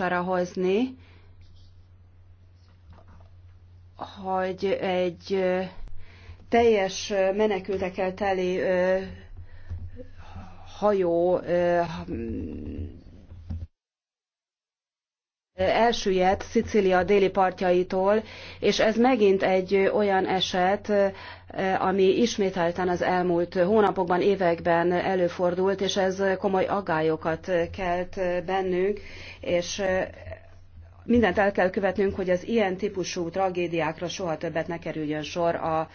arra hozni, hogy egy teljes menekültekkel teli hajó elsüllyedt Szicília déli partjaitól, és ez megint egy olyan eset, ami ismételten az elmúlt hónapokban, években előfordult, és ez komoly aggályokat kelt bennünk, és mindent el kell követnünk, hogy az ilyen típusú tragédiákra soha többet ne kerüljön sor a